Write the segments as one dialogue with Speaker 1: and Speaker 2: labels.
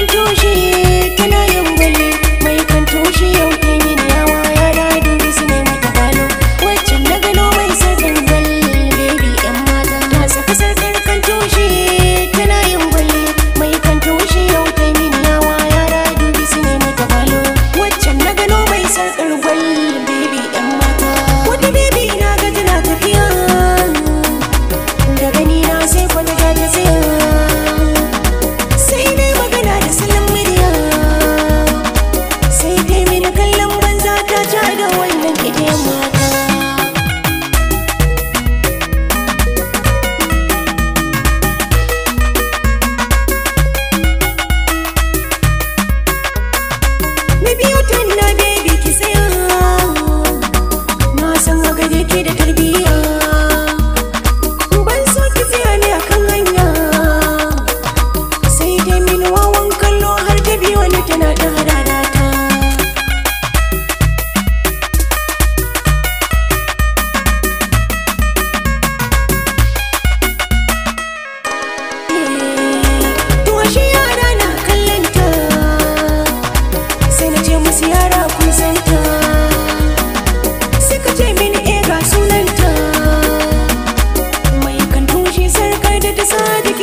Speaker 1: and you.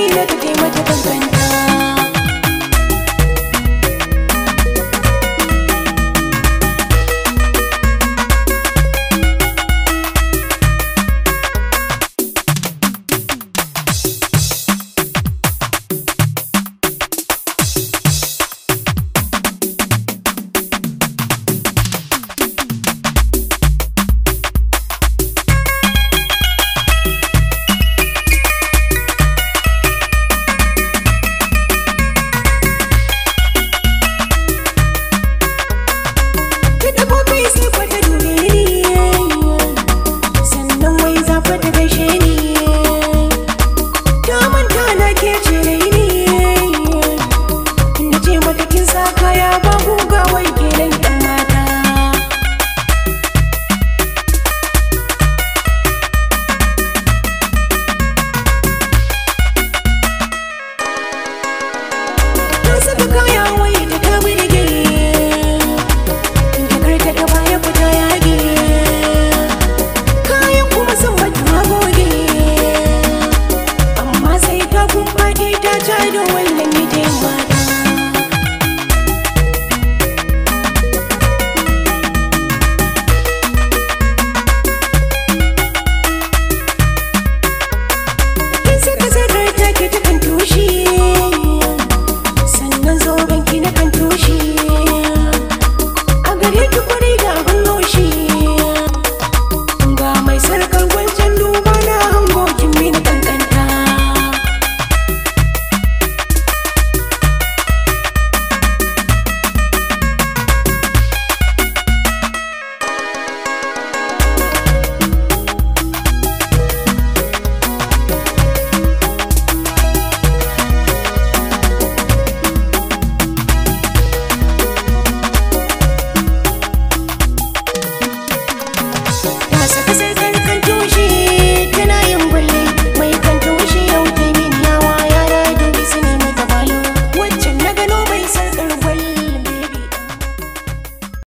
Speaker 1: me, meu dedinho, mas eu também